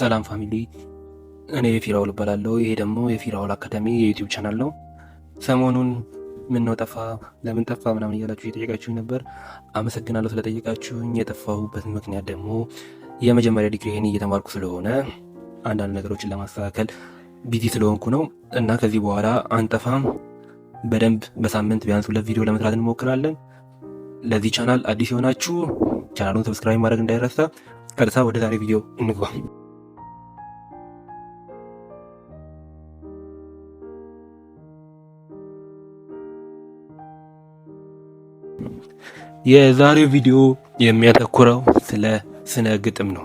ሰላም ፋሚሊ፣ እኔ የፊራውል እባላለሁ። ይሄ ደግሞ የፊራውል አካዳሚ የዩቲዩብ ቻናል ነው። ሰሞኑን ምነው ጠፋ፣ ለምን ጠፋ ምናምን እያላችሁ እየጠየቃችሁኝ ነበር። አመሰግናለሁ ስለጠየቃችሁኝ። የጠፋሁበት ምክንያት ደግሞ የመጀመሪያ ዲግሪን እየተማርኩ ስለሆነ አንዳንድ ነገሮችን ለማስተካከል ቢዚ ስለሆንኩ ነው እና ከዚህ በኋላ አንጠፋም። በደንብ በሳምንት ቢያንስ ሁለት ቪዲዮ ለመስራት እንሞክራለን። ለዚህ ቻናል አዲስ የሆናችሁ ቻናሉን ሰብስክራይብ ማድረግ እንዳይረሳ። ቀጥታ ወደ ዛሬ ቪዲዮ እንግባ። የዛሬው ቪዲዮ የሚያተኩረው ስለ ስነ ግጥም ነው።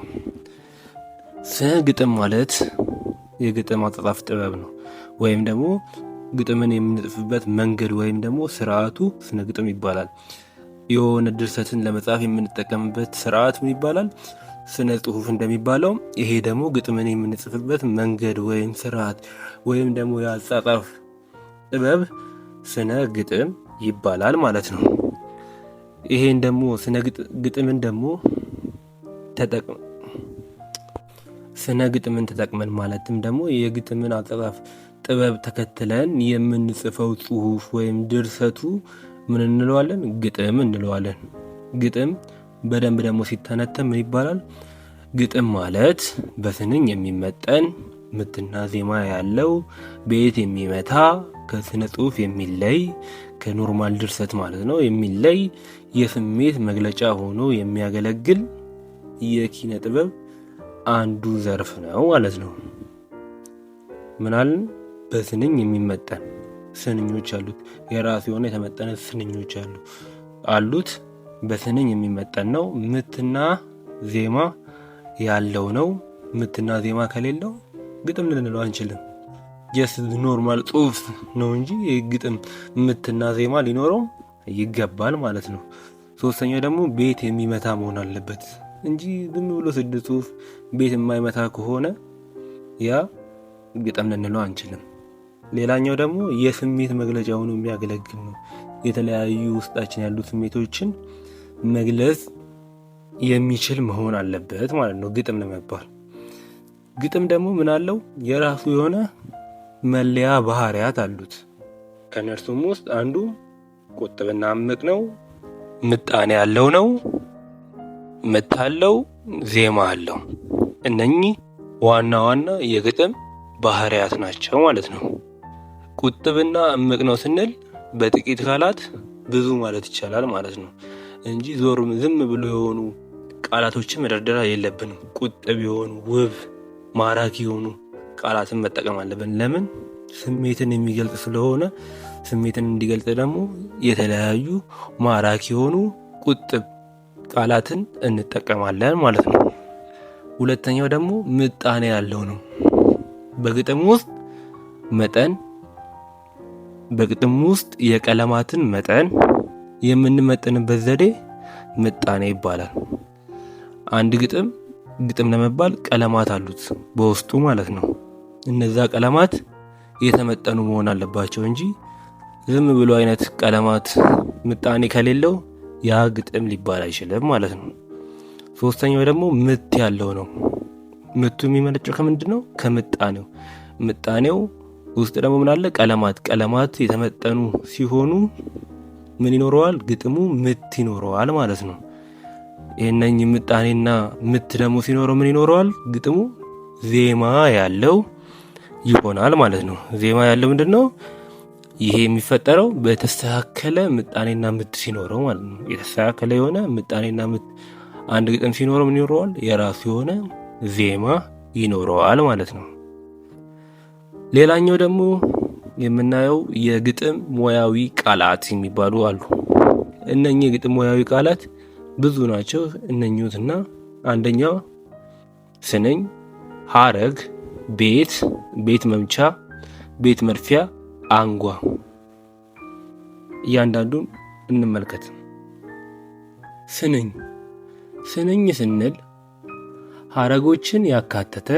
ስነ ግጥም ማለት የግጥም አጻጻፍ ጥበብ ነው፣ ወይም ደግሞ ግጥምን የምንጽፍበት መንገድ ወይም ደግሞ ስርዓቱ ስነ ግጥም ይባላል። የሆነ ድርሰትን ለመጻፍ የምንጠቀምበት ስርዓት ምን ይባላል? ስነ ጽሁፍ እንደሚባለው። ይሄ ደግሞ ግጥምን የምንጽፍበት መንገድ ወይም ስርዓት ወይም ደግሞ የአጻጻፍ ጥበብ ስነ ግጥም ይባላል ማለት ነው። ይሄን ደግሞ ስነ ግጥምን ደግሞ ስነ ግጥምን ተጠቅመን ማለትም ደግሞ የግጥምን አጻጻፍ ጥበብ ተከትለን የምንጽፈው ጽሁፍ ወይም ድርሰቱ ምን እንለዋለን? ግጥም እንለዋለን። ግጥም በደንብ ደግሞ ሲተነተን ምን ይባላል? ግጥም ማለት በስንኝ የሚመጠን ምትና ዜማ ያለው ቤት የሚመታ ከስነ ጽሁፍ የሚለይ ከኖርማል ድርሰት ማለት ነው የሚለይ የስሜት መግለጫ ሆኖ የሚያገለግል የኪነ ጥበብ አንዱ ዘርፍ ነው ማለት ነው። ምናልን በስንኝ የሚመጠን ስንኞች አሉት። የራሱ የሆነ የተመጠነ ስንኞች አሉ አሉት። በስንኝ የሚመጠን ነው። ምትና ዜማ ያለው ነው። ምትና ዜማ ከሌለው ግጥም ልንለው አንችልም። ጀስ ኖርማል ጽሁፍ ነው እንጂ ግጥም ምትና ዜማ ሊኖረው ይገባል ማለት ነው። ሶስተኛው ደግሞ ቤት የሚመታ መሆን አለበት እንጂ ዝም ብሎ ስድ ጽሁፍ ቤት የማይመታ ከሆነ ያ ግጥም ልንለው አንችልም። ሌላኛው ደግሞ የስሜት መግለጫ ሆኖ የሚያገለግል ነው። የተለያዩ ውስጣችን ያሉ ስሜቶችን መግለጽ የሚችል መሆን አለበት ማለት ነው ግጥም ለመባል። ግጥም ደግሞ ምን አለው? የራሱ የሆነ መለያ ባህሪያት አሉት። ከእነርሱም ውስጥ አንዱ ቁጥብና እምቅ ነው። ምጣኔ ያለው ነው። ምታለው ዜማ አለው። እነኚህ ዋና ዋና የግጥም ባህሪያት ናቸው ማለት ነው። ቁጥብና እምቅ ነው ስንል በጥቂት ቃላት ብዙ ማለት ይቻላል ማለት ነው እንጂ ዞር ዝም ብሎ የሆኑ ቃላቶችን መደርደራ የለብንም። ቁጥብ የሆኑ ውብ፣ ማራኪ የሆኑ ቃላትን መጠቀም አለብን። ለምን ስሜትን የሚገልጽ ስለሆነ ስሜትን እንዲገልጽ ደግሞ የተለያዩ ማራኪ የሆኑ ቁጥብ ቃላትን እንጠቀማለን ማለት ነው። ሁለተኛው ደግሞ ምጣኔ ያለው ነው። በግጥም ውስጥ መጠን በግጥም ውስጥ የቀለማትን መጠን የምንመጥንበት ዘዴ ምጣኔ ይባላል። አንድ ግጥም ግጥም ለመባል ቀለማት አሉት በውስጡ ማለት ነው። እነዛ ቀለማት የተመጠኑ መሆን አለባቸው እንጂ ዝም ብሎ አይነት ቀለማት ምጣኔ ከሌለው ያ ግጥም ሊባል አይችልም ማለት ነው። ሶስተኛው ደግሞ ምት ያለው ነው። ምቱ የሚመነጨው ከምንድን ነው? ከምጣኔው። ምጣኔው ውስጥ ደግሞ ምን አለ? ቀለማት። ቀለማት የተመጠኑ ሲሆኑ ምን ይኖረዋል? ግጥሙ ምት ይኖረዋል ማለት ነው። ይህነኝ ምጣኔና ምት ደግሞ ሲኖረው ምን ይኖረዋል? ግጥሙ ዜማ ያለው ይሆናል ማለት ነው። ዜማ ያለው ምንድን ነው? ይሄ የሚፈጠረው በተስተካከለ ምጣኔና ምት ሲኖረው ማለት ነው። የተስተካከለ የሆነ ምጣኔና ምት አንድ ግጥም ሲኖረው ምን ይኖረዋል? የራሱ የሆነ ዜማ ይኖረዋል ማለት ነው። ሌላኛው ደግሞ የምናየው የግጥም ሙያዊ ቃላት የሚባሉ አሉ። እነኚህ የግጥም ሙያዊ ቃላት ብዙ ናቸው። እነኙትና አንደኛው ስንኝ፣ ሀረግ፣ ቤት፣ ቤት መምቻ፣ ቤት መድፊያ አንጓ እያንዳንዱን እንመልከት። ስንኝ ስንኝ ስንል ሀረጎችን ያካተተ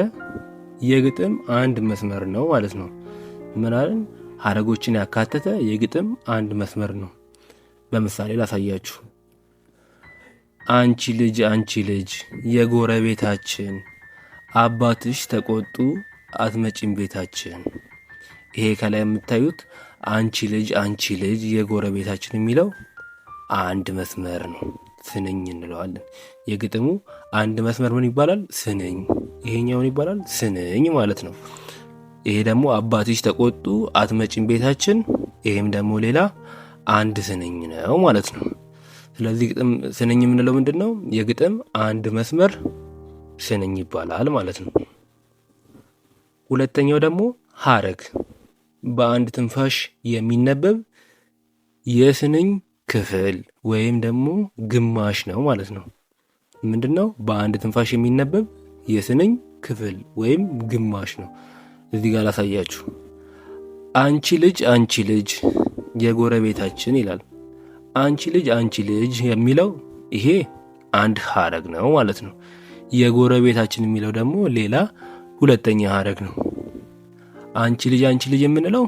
የግጥም አንድ መስመር ነው ማለት ነው። ምናልን ሀረጎችን ያካተተ የግጥም አንድ መስመር ነው። በምሳሌ ላሳያችሁ። አንቺ ልጅ አንቺ ልጅ የጎረቤታችን አባትሽ ተቆጡ አትመጪም ቤታችን ይሄ ከላይ የምታዩት አንቺ ልጅ አንቺ ልጅ የጎረቤታችን የሚለው አንድ መስመር ነው፣ ስንኝ እንለዋለን። የግጥሙ አንድ መስመር ምን ይባላል? ስንኝ። ይሄኛው ምን ይባላል? ስንኝ ማለት ነው። ይሄ ደግሞ አባትሽ ተቆጡ አትመጭም ቤታችን፣ ይሄም ደግሞ ሌላ አንድ ስንኝ ነው ማለት ነው። ስለዚህ ግጥም ስንኝ የምንለው ምንድን ነው? የግጥም አንድ መስመር ስንኝ ይባላል ማለት ነው። ሁለተኛው ደግሞ ሀረግ በአንድ ትንፋሽ የሚነበብ የስንኝ ክፍል ወይም ደግሞ ግማሽ ነው ማለት ነው። ምንድን ነው? በአንድ ትንፋሽ የሚነበብ የስንኝ ክፍል ወይም ግማሽ ነው። እዚህ ጋር ላሳያችሁ። አንቺ ልጅ አንቺ ልጅ የጎረቤታችን ይላል። አንቺ ልጅ አንቺ ልጅ የሚለው ይሄ አንድ ሀረግ ነው ማለት ነው። የጎረቤታችን የሚለው ደግሞ ሌላ ሁለተኛ ሀረግ ነው። አንቺ ልጅ አንቺ ልጅ የምንለው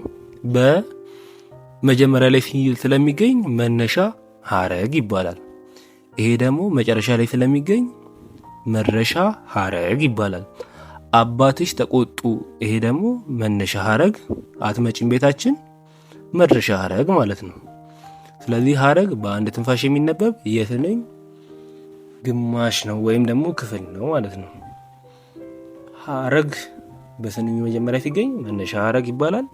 በመጀመሪያ ላይ ስለሚገኝ መነሻ ሀረግ ይባላል። ይሄ ደግሞ መጨረሻ ላይ ስለሚገኝ መድረሻ ሀረግ ይባላል። አባትሽ ተቆጡ። ይሄ ደግሞ መነሻ ሀረግ፣ አትመጭም ቤታችን መድረሻ ሀረግ ማለት ነው። ስለዚህ ሀረግ በአንድ ትንፋሽ የሚነበብ የትንኝ ግማሽ ነው ወይም ደግሞ ክፍል ነው ማለት ነው። ሀረግ በስንኙ መጀመሪያ ሲገኝ መነሻ ሀረግ ይባላል።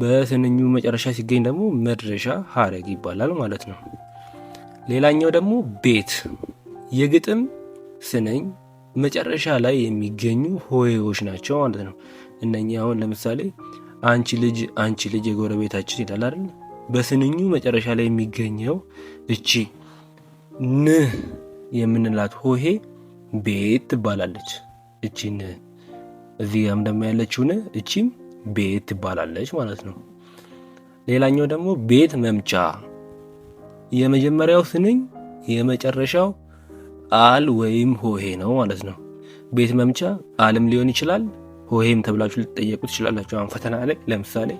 በስንኙ መጨረሻ ሲገኝ ደግሞ መድረሻ ሀረግ ይባላል ማለት ነው። ሌላኛው ደግሞ ቤት የግጥም ስንኝ መጨረሻ ላይ የሚገኙ ሆሄዎች ናቸው ማለት ነው። እነኚህ አሁን ለምሳሌ አንቺ ልጅ አንቺ ልጅ የጎረቤታችን ይላል አይደል? በስንኙ መጨረሻ ላይ የሚገኘው እቺ ን የምንላት ሆሄ ቤት ትባላለች። እቺ ን እዚህ ጋም ደግሞ ያለችውን እቺም ቤት ትባላለች ማለት ነው። ሌላኛው ደግሞ ቤት መምቻ። የመጀመሪያው ስንኝ የመጨረሻው አል ወይም ሆሄ ነው ማለት ነው። ቤት መምቻ አልም ሊሆን ይችላል ሆሄም ተብላችሁ ልትጠየቁ ትችላላችሁ። አሁን ፈተና ላይ ለምሳሌ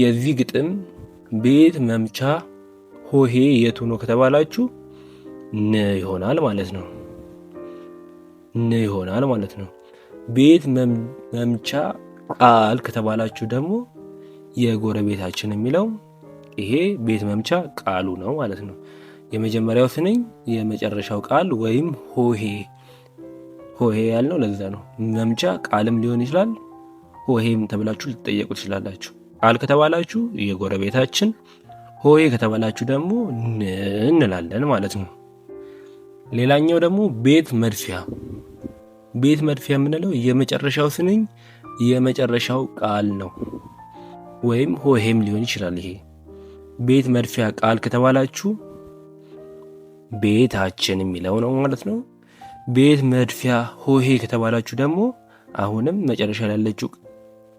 የዚህ ግጥም ቤት መምቻ ሆሄ የቱ ነው ከተባላችሁ ን ይሆናል ማለት ነው። ን ይሆናል ማለት ነው። ቤት መምቻ ቃል ከተባላችሁ ደግሞ የጎረቤታችን የሚለው ይሄ ቤት መምቻ ቃሉ ነው ማለት ነው። የመጀመሪያው ስንኝ የመጨረሻው ቃል ወይም ሆሄ ሆሄ ያልነው ለዛ ነው። መምቻ ቃልም ሊሆን ይችላል። ሆሄም ተብላችሁ ልትጠየቁ ትችላላችሁ። ቃል ከተባላችሁ የጎረቤታችን፣ ሆሄ ከተባላችሁ ደግሞ ን እንላለን ማለት ነው። ሌላኛው ደግሞ ቤት መድፊያ ቤት መድፊያ የምንለው የመጨረሻው ስንኝ የመጨረሻው ቃል ነው፣ ወይም ሆሄም ሊሆን ይችላል። ይሄ ቤት መድፊያ ቃል ከተባላችሁ ቤታችን የሚለው ነው ማለት ነው። ቤት መድፊያ ሆሄ ከተባላችሁ ደግሞ አሁንም መጨረሻ ላለችው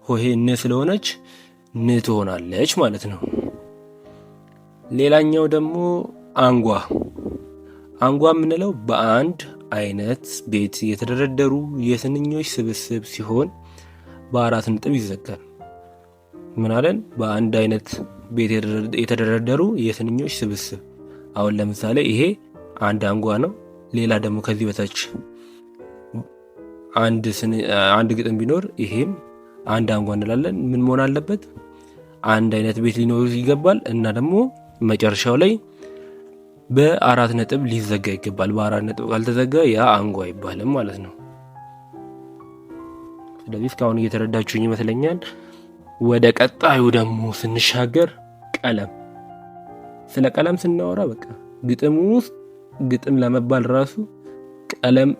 ሆሄ ን ስለሆነች ን ትሆናለች ማለት ነው። ሌላኛው ደግሞ አንጓ አንጓ የምንለው በአንድ አይነት ቤት የተደረደሩ የስንኞች ስብስብ ሲሆን በአራት ነጥብ ይዘጋል። ምን አለን? በአንድ አይነት ቤት የተደረደሩ የስንኞች ስብስብ። አሁን ለምሳሌ ይሄ አንድ አንጓ ነው። ሌላ ደግሞ ከዚህ በታች አንድ ግጥም ቢኖር ይሄም አንድ አንጓ እንላለን። ምን መሆን አለበት? አንድ አይነት ቤት ሊኖሩ ይገባል እና ደግሞ መጨረሻው ላይ በአራት ነጥብ ሊዘጋ ይገባል። በአራት ነጥብ ካልተዘጋ ያ አንጎ አይባልም ማለት ነው። ስለዚህ እስካሁን እየተረዳችሁኝ ይመስለኛል። ወደ ቀጣዩ ደግሞ ስንሻገር ቀለም፣ ስለ ቀለም ስናወራ በቃ ግጥም ውስጥ ግጥም ለመባል ራሱ ቀለም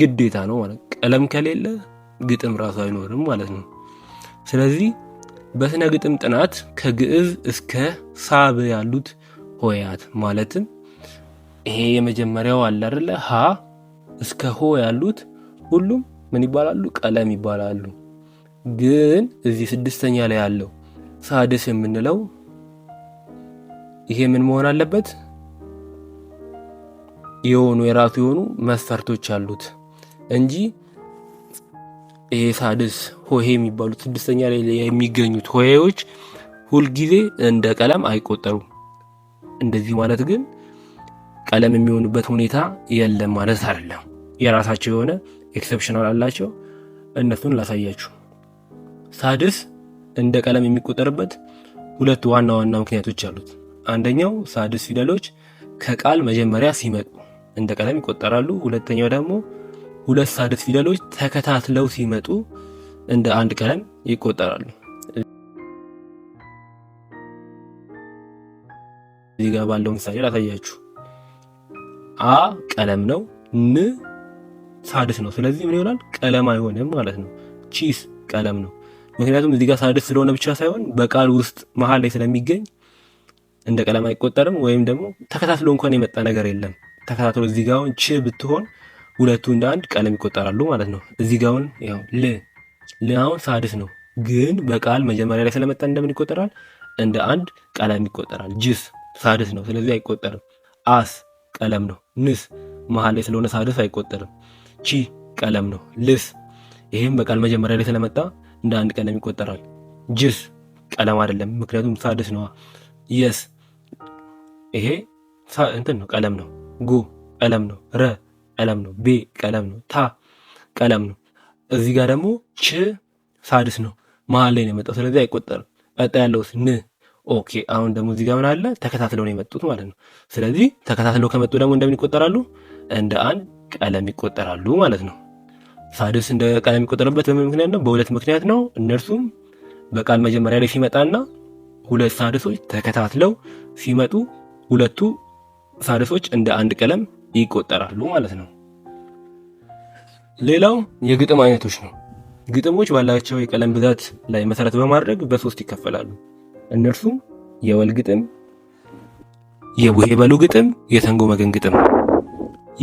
ግዴታ ነው ማለት ቀለም ከሌለ ግጥም ራሱ አይኖርም ማለት ነው። ስለዚህ በስነ ግጥም ጥናት ከግዕዝ እስከ ሳብ ያሉት ሆያት ማለትም ይሄ የመጀመሪያው አለ አይደለ? ሀ እስከ ሆ ያሉት ሁሉም ምን ይባላሉ? ቀለም ይባላሉ። ግን እዚህ ስድስተኛ ላይ ያለው ሳድስ የምንለው ይሄ ምን መሆን አለበት? የሆኑ የራሱ የሆኑ መስፈርቶች አሉት እንጂ ይሄ ሳድስ ሆሄ የሚባሉት ስድስተኛ ላይ የሚገኙት ሆሄዎች ሁልጊዜ እንደ ቀለም አይቆጠሩም። እንደዚህ ማለት ግን ቀለም የሚሆኑበት ሁኔታ የለም ማለት አይደለም። የራሳቸው የሆነ ኤክሰፕሽናል አላቸው። እነሱን ላሳያችሁ። ሳድስ እንደ ቀለም የሚቆጠርበት ሁለት ዋና ዋና ምክንያቶች አሉት። አንደኛው ሳድስ ፊደሎች ከቃል መጀመሪያ ሲመጡ እንደ ቀለም ይቆጠራሉ። ሁለተኛው ደግሞ ሁለት ሳድስ ፊደሎች ተከታትለው ሲመጡ እንደ አንድ ቀለም ይቆጠራሉ። እዚህ ጋር ባለው ምሳሌ ላሳያችሁ። አ ቀለም ነው። ን ሳድስ ነው። ስለዚህ ምን ይሆናል? ቀለም አይሆንም ማለት ነው። ቺስ ቀለም ነው። ምክንያቱም እዚህ ጋር ሳድስ ስለሆነ ብቻ ሳይሆን በቃል ውስጥ መሀል ላይ ስለሚገኝ እንደ ቀለም አይቆጠርም። ወይም ደግሞ ተከታትሎ እንኳን የመጣ ነገር የለም። ተከታትሎ እዚህ ጋር አሁን ች ብትሆን ሁለቱ እንደ አንድ ቀለም ይቆጠራሉ ማለት ነው። እዚህ ጋር አሁን ያው ል ል አሁን ሳድስ ነው፣ ግን በቃል መጀመሪያ ላይ ስለመጣ እንደምን ይቆጠራል? እንደ አንድ ቀለም ይቆጠራል። ጅስ ሳድስ ነው፣ ስለዚህ አይቆጠርም። አስ ቀለም ነው። ንስ መሀል ላይ ስለሆነ ሳድስ አይቆጠርም። ቺ ቀለም ነው። ልስ ይህም በቃል መጀመሪያ ላይ ስለመጣ እንደ አንድ ቀለም ይቆጠራል። ጅስ ቀለም አይደለም፣ ምክንያቱም ሳድስ ነዋ። የስ ይሄ እንትን ነው፣ ቀለም ነው። ጉ ቀለም ነው። ረ ቀለም ነው። ቤ ቀለም ነው። ታ ቀለም ነው። እዚህ ጋር ደግሞ ች ሳድስ ነው፣ መሀል ላይ ነው የመጣው። ስለዚህ አይቆጠርም። ቀጣ ያለውስ ን ኦኬ አሁን ደግሞ እዚህ ጋር ምን አለ? ተከታትለው ነው የመጡት ማለት ነው። ስለዚህ ተከታትለው ከመጡ ደግሞ እንደምን ይቆጠራሉ? እንደ አንድ ቀለም ይቆጠራሉ ማለት ነው። ሳድስ እንደ ቀለም የሚቆጠሩበት በምን ምክንያት ነው? በሁለት ምክንያት ነው። እነርሱም በቃል መጀመሪያ ላይ ሲመጣና ሁለት ሳድሶች ተከታትለው ሲመጡ ሁለቱ ሳድሶች እንደ አንድ ቀለም ይቆጠራሉ ማለት ነው። ሌላው የግጥም አይነቶች ነው። ግጥሞች ባላቸው የቀለም ብዛት ላይ መሰረት በማድረግ በሶስት ይከፈላሉ። እነርሱም የወል ግጥም፣ የቡሄ በሉ ግጥም፣ የተንጎ መገን ግጥም።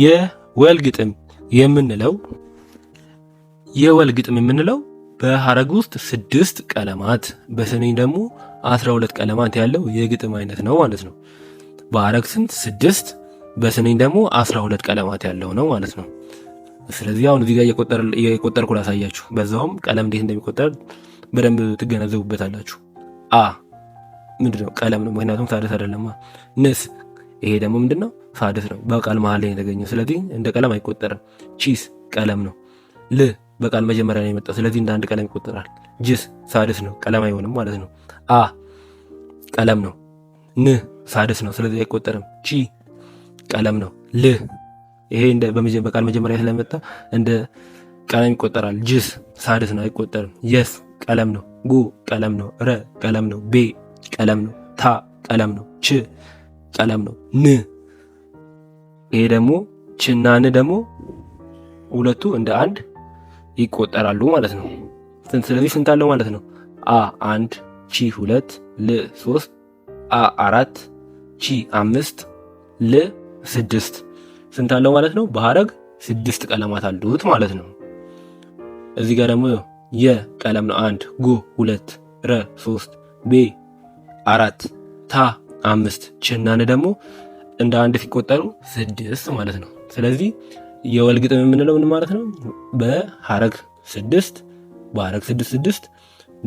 የወል ግጥም የምንለው የወል ግጥም የምንለው በሐረግ ውስጥ ስድስት ቀለማት በስንኝ ደግሞ አስራ ሁለት ቀለማት ያለው የግጥም አይነት ነው ማለት ነው። በሐረግ ስንት ስድስት በስንኝ ደግሞ አስራ ሁለት ቀለማት ያለው ነው ማለት ነው። ስለዚህ አሁን እዚህ ጋር እየቆጠርኩ ላሳያችሁ። በዛውም ቀለም እንዴት እንደሚቆጠር በደንብ ትገነዘቡበታላችሁ። አ ምንድነው? ቀለም ነው። ምክንያቱም ሳድስ አይደለም ንስ ይሄ ደግሞ ምንድነው? ሳድስ ነው። በቃል መሀል ላይ የተገኘው ስለዚህ እንደ ቀለም አይቆጠርም። ቺስ ቀለም ነው። ል በቃል መጀመሪያ ነው የመጣው ስለዚህ እንደ አንድ ቀለም ይቆጠራል። ጅስ ሳድስ ነው። ቀለም አይሆንም ማለት ነው። አ ቀለም ነው። ን ሳድስ ነው። ስለዚህ አይቆጠርም። ቺ ቀለም ነው። ል ይሄ በቃል መጀመሪያ ስለመጣ እንደ ቀለም ይቆጠራል። ጅስ ሳድስ ነው፣ አይቆጠርም። የስ ቀለም ነው። ጉ ቀለም ነው። ረ ቀለም ነው። ቤ ቀለም ነው። ታ ቀለም ነው። ች ቀለም ነው። ን ይሄ ደግሞ ችና ን ደግሞ ሁለቱ እንደ አንድ ይቆጠራሉ ማለት ነው። ስለዚህ ስንት አለው ማለት ነው? አ አንድ፣ ቺ ሁለት፣ ል ሶስት፣ አ አራት፣ ቺ አምስት፣ ል ስድስት። ስንት አለው ማለት ነው? በሐረግ ስድስት ቀለማት አሉት ማለት ነው። እዚህ ጋር ደግሞ የ ቀለም ነው። አንድ ጎ ሁለት ረ ሶስት ቤ አራት ታ አምስት ችናን ደግሞ እንደ አንድ ሲቆጠሩ ስድስት ማለት ነው። ስለዚህ የወል ግጥም የምንለው ምን ማለት ነው? በሐረግ ስድስት በሐረግ ስድስት ስድስት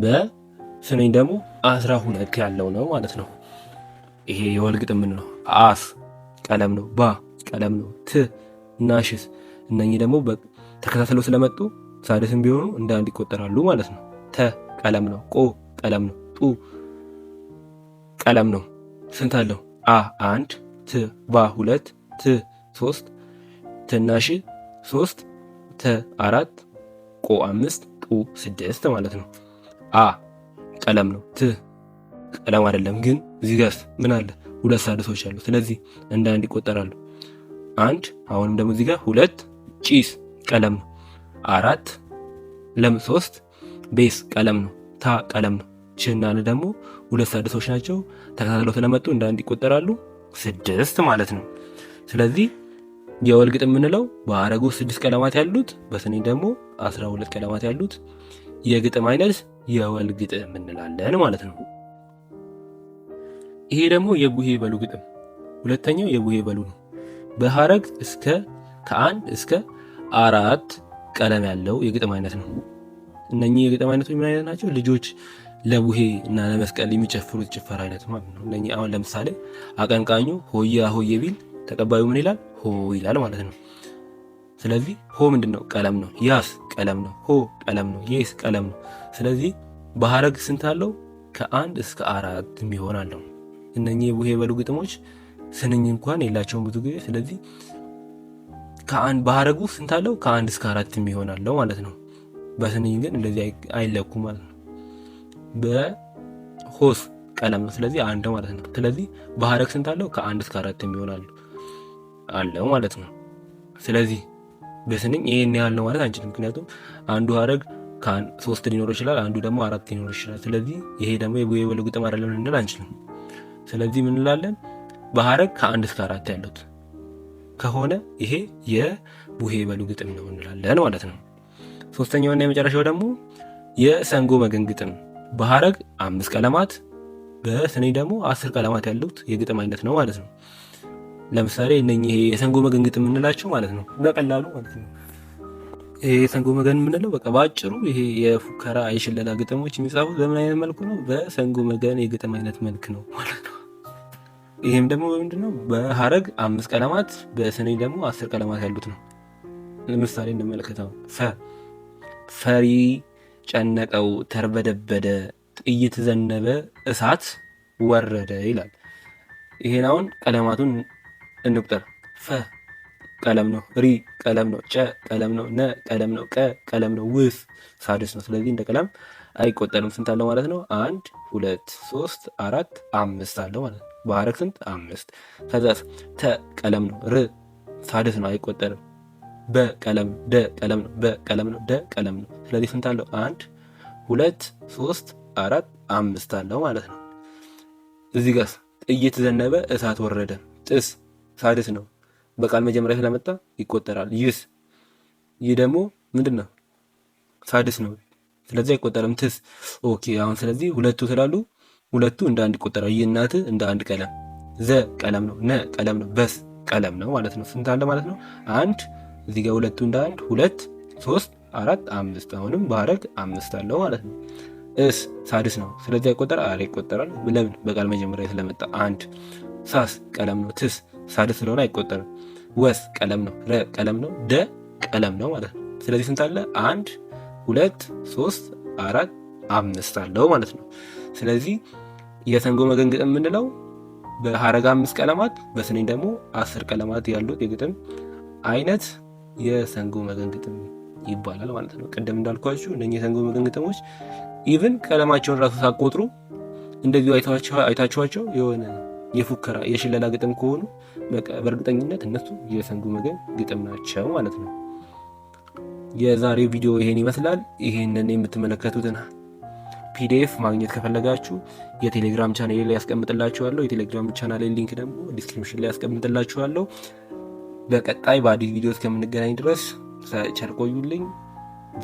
በስነኝ ደግሞ አስራ ሁለት ያለው ነው ማለት ነው። ይሄ የወል ግጥም የምንለው አስ ቀለም ነው፣ ባ ቀለም ነው፣ ት እና ሽስ እነኚህ ደግሞ ተከታትለው ስለመጡ ሳድስም ቢሆኑ እንደ አንድ ይቆጠራሉ ማለት ነው። ተ ቀለም ነው፣ ቆ ቀለም ነው፣ ጡ ቀለም ነው። ስንት አለው? አ አንድ ት ባ ሁለት ት ሶስት ትናሽ ሶስት ተ አራት ቆ አምስት ቁ ስድስት ማለት ነው። አ ቀለም ነው። ት ቀለም አይደለም። ግን እዚህ ጋርስ ምን አለ? ሁለት ሳድሶች አሉ። ስለዚህ እንደ አንድ ይቆጠራሉ። አንድ አሁንም ደግሞ እዚህ ጋር ሁለት ጪስ ቀለም ነው። አራት ለም ሶስት ቤስ ቀለም ነው። ታ ቀለም ነው። ችናን ደግሞ ሁለት ስድስቶች ናቸው። ተከታትለው ስለመጡ እንደ አንድ ይቆጠራሉ፣ ስድስት ማለት ነው። ስለዚህ የወል ግጥም የምንለው በሐረግ ውስጥ ስድስት ቀለማት ያሉት በስኔ ደግሞ አስራ ሁለት ቀለማት ያሉት የግጥም አይነት የወል ግጥም እንላለን ማለት ነው። ይሄ ደግሞ የቡሄ በሉ ግጥም ሁለተኛው የቡሄ በሉ ነው። በሐረግ እስከ ከአንድ እስከ አራት ቀለም ያለው የግጥም አይነት ነው። እነኚህ የግጥም አይነቶች ምን አይነት ናቸው? ልጆች ለቡሄ እና ለመስቀል የሚጨፍሩት ጭፈራ አይነት ማለት ነው። እነ አሁን ለምሳሌ አቀንቃኙ ሆያ ሆዬ ቢል ተቀባዩ ምን ይላል? ሆ ይላል ማለት ነው። ስለዚህ ሆ ምንድን ነው? ቀለም ነው። ያስ ቀለም ነው። ሆ ቀለም ነው። የስ ቀለም ነው። ስለዚህ በሐረግ ስንት አለው? ከአንድ እስከ አራት የሚሆን አለው። እነኚህ የቡሄ የበሉ ግጥሞች ስንኝ እንኳን የላቸውም ብዙ ጊዜ። ስለዚህ በሐረጉ ስንት አለው? ከአንድ እስከ አራት የሚሆን አለው ማለት ነው። በስንኝ ግን እንደዚህ አይለኩም ማለት ነው። በሆስ ቀለም ነው። ስለዚህ አንድ ማለት ነው። ስለዚህ በሐረግ ስንት አለው? ከአንድ እስከ አራት የሚሆን አለው ማለት ነው። ስለዚህ በስንኝ ይሄን ያህል ነው ማለት አንችልም። ምክንያቱም አንዱ ሐረግ ሶስት ሊኖር ይችላል፣ አንዱ ደግሞ አራት ሊኖር ይችላል። ስለዚህ ይሄ ደግሞ የበለ ግጥም አይደለም ልንል አንችልም። ስለዚህ ምን እንላለን? በሐረግ ከአንድ እስከ አራት ያሉት ከሆነ ይሄ የቡሄ በሉ ግጥም ነው እንላለን ማለት ነው። ሶስተኛውና የመጨረሻው ደግሞ የሰንጎ መገን ግጥም በሀረግ አምስት ቀለማት በስኔ ደግሞ አስር ቀለማት ያሉት የግጥም አይነት ነው ማለት ነው። ለምሳሌ እነኚህ ይሄ የሰንጎ መገን ግጥም የምንላቸው ማለት ነው በቀላሉ ማለት ነው። ይሄ የሰንጎ መገን የምንለው በቃ በአጭሩ ይሄ የፉከራ የሽለላ ግጥሞች የሚጻፉት በምን አይነት መልኩ ነው? በሰንጎ መገን የግጥም አይነት መልክ ነው ማለት ነው። ይህም ደግሞ በምንድን ነው? በሀረግ አምስት ቀለማት በስኔ ደግሞ አስር ቀለማት ያሉት ነው። ለምሳሌ እንመለከተው ፈ ፈሪ ጨነቀው፣ ተርበደበደ፣ እየተዘነበ እሳት ወረደ ይላል። ይሄን አሁን ቀለማቱን እንቁጠር። ፈ ቀለም ነው፣ ሪ ቀለም ነው፣ ጨ ቀለም ነው፣ ነ ቀለም ነው፣ ቀ ቀለም ነው፣ ውስ ሳድስ ነው። ስለዚህ እንደ ቀለም አይቆጠርም። ስንት አለው ማለት ነው? አንድ ሁለት ሶስት አራት አምስት አለው ማለት ነው። በሐረግ ስንት? አምስት። ከዛ ተ ቀለም ነው፣ ር ሳድስ ነው፣ አይቆጠርም። በቀለም ደ ቀለም ነው። በቀለም ነው። ደ ቀለም ነው። ስለዚህ ስንት አለው? አንድ ሁለት ሶስት አራት አምስት አለው ማለት ነው። እዚህ ጋር ጥይት ዘነበ፣ እሳት ወረደ። ጥስ ሳድስ ነው። በቃል መጀመሪያ ስለመጣ ይቆጠራል። ይስ ይህ ደግሞ ምንድን ነው? ሳድስ ነው። ስለዚህ አይቆጠርም። ትስ ኦኬ። አሁን ስለዚህ ሁለቱ ስላሉ ሁለቱ እንደ አንድ ይቆጠራል። ይህ እናት እንደ አንድ ቀለም ዘ ቀለም ነው። ነ ቀለም ነው። በስ ቀለም ነው ማለት ነው። ስንት አለ ማለት ነው? አንድ እዚህ ጋር ሁለቱ እንደ አንድ ሁለት ሶስት አራት አምስት አሁንም በሐረግ አምስት አለው ማለት ነው። እስ ሳድስ ነው። ስለዚህ ቁጥር አረ ይቆጠራል። ለምን በቃል መጀመሪያ ስለመጣ። አንድ ሳስ ቀለም ነው። ትስ ሳድስ ስለሆነ አይቆጠርም። ወስ ቀለም ነው። ረ ቀለም ነው። ደ ቀለም ነው ማለት ነው። ስለዚህ ስንት አለ? አንድ ሁለት ሶስት አራት አምስት አለው ማለት ነው። ስለዚህ የሰንጎ መገንግጥ የምንለው በሐረግ አምስት ቀለማት በስኔ ደግሞ አስር ቀለማት ያሉት የግጥም አይነት የሰንጎ መገንግጥም ይባላል ማለት ነው። ቀደም እንዳልኳችሁ እነ የሰንጎ መገንግጥሞች ኢቭን ቀለማቸውን ራሱ ሳቆጥሩ እንደዚሁ አይታችኋቸው የሆነ የፉከራ የሽለላ ግጥም ከሆኑ በእርግጠኝነት እነሱ የሰንጎ መገን ግጥም ናቸው ማለት ነው። የዛሬው ቪዲዮ ይሄን ይመስላል። ይሄንን የምትመለከቱትን ፒዲኤፍ ማግኘት ከፈለጋችሁ የቴሌግራም ቻናሌ ላይ ያስቀምጥላችኋለሁ። የቴሌግራም ቻናሌ ሊንክ ደግሞ ዲስክሪፕሽን ላይ ያስቀምጥላችኋለሁ። በቀጣይ በአዲስ ቪዲዮ እስከምንገናኝ ድረስ ቸር ቆዩልኝ።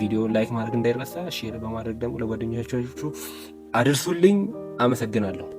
ቪዲዮውን ላይክ ማድረግ እንዳይረሳ፣ ሼር በማድረግ ደግሞ ለጓደኞቻችሁ አድርሱልኝ። አመሰግናለሁ።